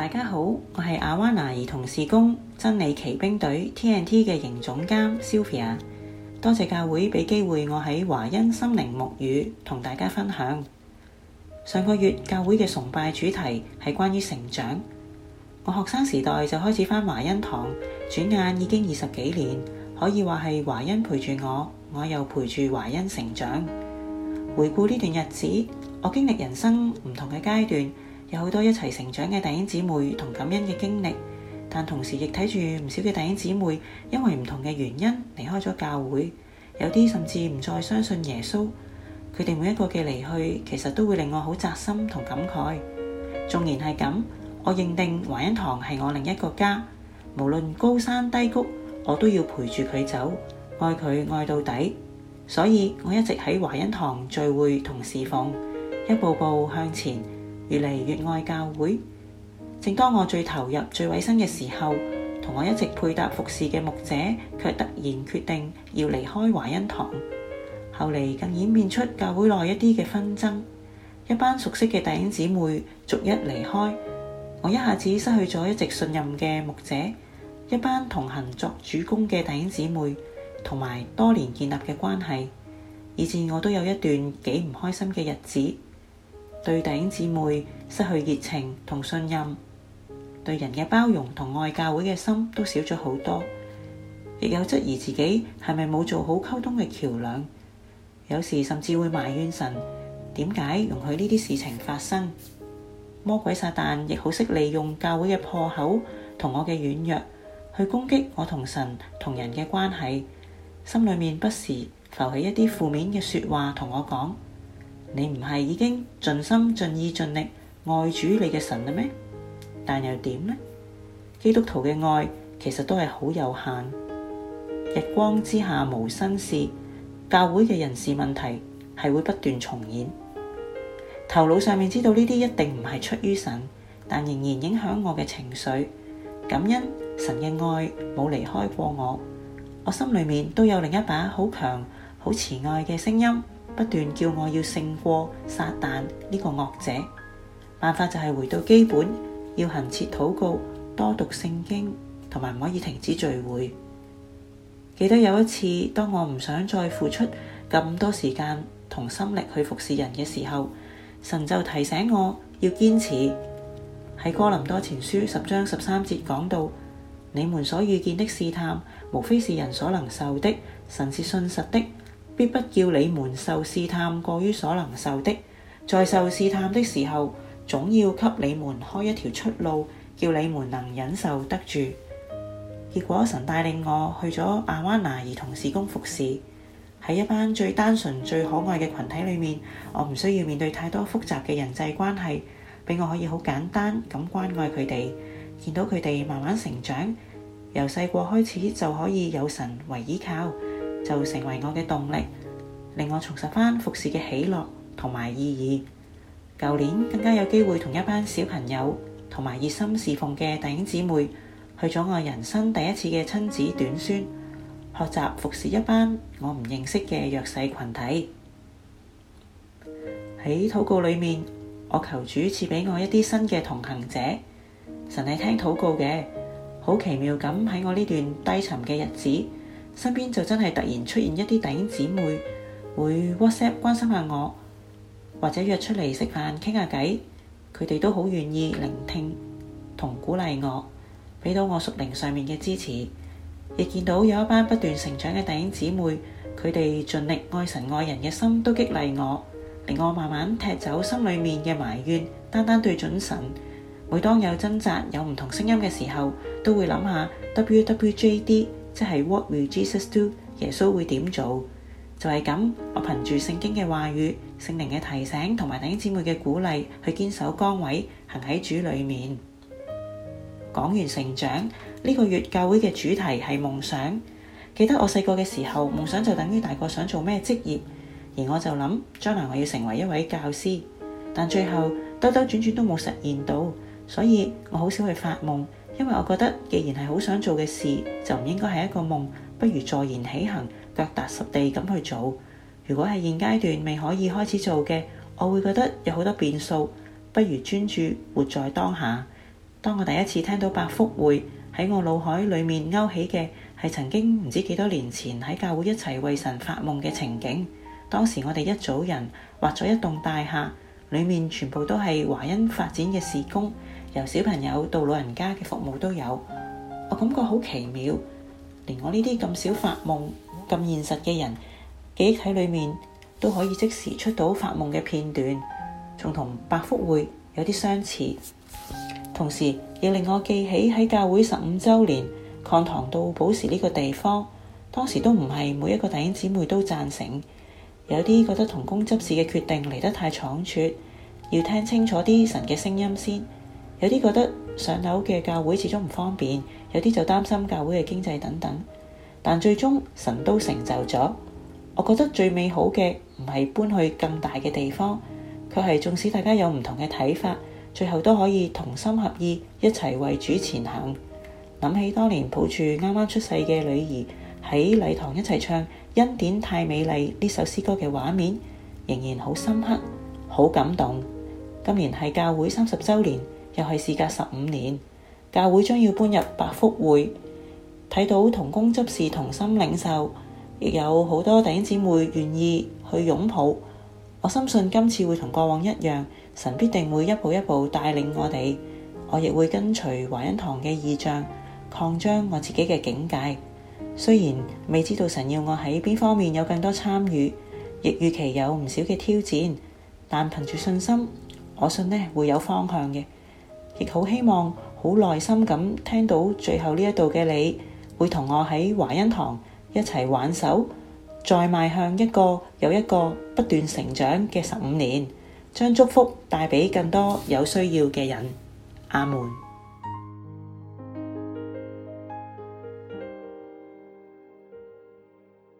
大家好，我係 Awana 兒童事工真理奇兵隊 TNT 嘅營總監 Sylvia。多謝教會俾機會我喺華欣心靈沐雨同大家分享。上個月教會嘅崇拜主題係關於成長。我學生時代就開始返華恩堂，轉眼已經二十幾年，可以話係華恩陪住我，我又陪住華欣成長。回顧呢段日子，我經歷人生唔同嘅階段。有好多一齊成長嘅弟兄姊妹同感恩嘅經歷，但同時亦睇住唔少嘅弟兄姊妹因為唔同嘅原因離開咗教會，有啲甚至唔再相信耶穌。佢哋每一個嘅離去，其實都會令我好扎心同感慨。縱然係咁，我認定華恩堂係我另一個家，無論高山低谷，我都要陪住佢走，愛佢愛到底。所以我一直喺華恩堂聚會同侍奉，一步步向前。越嚟越愛教會。正當我最投入、最委身嘅時候，同我一直配搭服侍嘅牧者，卻突然決定要離開華恩堂。後嚟更演變出教會內一啲嘅紛爭，一班熟悉嘅弟兄姊妹逐一離開，我一下子失去咗一直信任嘅牧者，一班同行作主工嘅弟兄姊妹，同埋多年建立嘅關係，以至我都有一段幾唔開心嘅日子。對弟兄姊妹失去熱情同信任，對人嘅包容同愛教會嘅心都少咗好多，亦有質疑自己係咪冇做好溝通嘅橋樑，有時甚至會埋怨神，點解容許呢啲事情發生？魔鬼撒旦亦好識利用教會嘅破口同我嘅軟弱去攻擊我同神同人嘅關係，心裏面不時浮起一啲負面嘅說話同我講。你唔係已經盡心盡意盡力愛主你嘅神啦咩？但又點呢？基督徒嘅愛其實都係好有限。日光之下無新事，教會嘅人事問題係會不斷重演。頭腦上面知道呢啲一定唔係出於神，但仍然影響我嘅情緒。感恩神嘅愛冇離開過我，我心裏面都有另一把好強、好慈愛嘅聲音。不斷叫我要勝過撒旦呢個惡者，辦法就係回到基本，要行切禱告，多讀聖經，同埋唔可以停止聚會。記得有一次，當我唔想再付出咁多時間同心力去服侍人嘅時候，神就提醒我要堅持。喺哥林多前書十章十三節講到：你們所遇見的試探，無非是人所能受的，神是信實的。必不叫你們受試探過於所能受的，在受試探的時候，總要給你們開一條出路，叫你們能忍受得住。結果神帶領我去咗 Awana 兒童事工服侍，喺一班最單純、最可愛嘅群體裏面，我唔需要面對太多複雜嘅人際關係，俾我可以好簡單咁關愛佢哋，見到佢哋慢慢成長，由細個開始就可以有神為依靠。就成為我嘅動力，令我重拾返服侍嘅喜樂同埋意義。舊年更加有機會同一班小朋友同埋熱心侍奉嘅弟兄姊妹去咗我人生第一次嘅親子短宣，學習服侍一班我唔認識嘅弱勢群體。喺禱 告裏面，我求主賜畀我一啲新嘅同行者。神係聽禱告嘅，好奇妙咁喺我呢段低沉嘅日子。身邊就真係突然出現一啲弟兄姊妹會 WhatsApp 關心下我，或者約出嚟食飯傾下偈，佢哋都好願意聆聽同鼓勵我，俾到我屬靈上面嘅支持。亦見到有一班不斷成長嘅弟兄姊妹，佢哋盡力愛神愛人嘅心都激勵我，令我慢慢踢走心裏面嘅埋怨，單單對準神。每當有掙扎有唔同聲音嘅時候，都會諗下 W W J D。即係 What will Jesus do？耶穌會點做？就係咁。我憑住聖經嘅話語、聖靈嘅提醒同埋弟兄姊妹嘅鼓勵，去堅守崗位，行喺主裏面。講完成長，呢個月，教會嘅主題係夢想。記得我細個嘅時候，夢想就等於大個想做咩職業，而我就諗，將來我要成為一位教師，但最後兜兜轉轉都冇實現到，所以我好少去發夢。因為我覺得，既然係好想做嘅事，就唔應該係一個夢，不如坐言起行，腳踏實地咁去做。如果係現階段未可以開始做嘅，我會覺得有好多變數，不如專注活在當下。當我第一次聽到百福會喺我腦海裡面勾起嘅，係曾經唔知幾多年前喺教會一齊為神發夢嘅情景。當時我哋一組人畫咗一棟大廈，裡面全部都係華恩發展嘅事工。由小朋友到老人家嘅服務都有，我感覺好奇妙。連我呢啲咁少發夢、咁現實嘅人，記憶體裏面都可以即時出到發夢嘅片段，仲同百福會有啲相似。同時，亦令我記起喺教會十五週年擴堂到保時呢個地方，當時都唔係每一個弟兄姊妹都贊成，有啲覺得同工執事嘅決定嚟得太倉促，要聽清楚啲神嘅聲音先。有啲覺得上樓嘅教會始終唔方便，有啲就擔心教會嘅經濟等等。但最終神都成就咗。我覺得最美好嘅唔係搬去更大嘅地方，卻係縱使大家有唔同嘅睇法，最後都可以同心合意一齊為主前行。諗起當年抱住啱啱出世嘅女兒喺禮堂一齊唱《恩典太美麗》呢首詩歌嘅畫面，仍然好深刻，好感動。今年係教會三十週年。又係事隔十五年，教會將要搬入百福會，睇到同工執事同心領受，亦有好多弟兄姊妹願意去擁抱。我深信今次會同過往一樣，神必定會一步一步帶領我哋。我亦會跟隨華恩堂嘅意象擴張我自己嘅境界。雖然未知道神要我喺邊方面有更多參與，亦預期有唔少嘅挑戰，但憑住信心，我信呢會有方向嘅。亦好希望，好耐心咁聽到最後呢一度嘅你，會同我喺華恩堂一齊挽手，再邁向一個又一個不斷成長嘅十五年，將祝福帶畀更多有需要嘅人。阿門。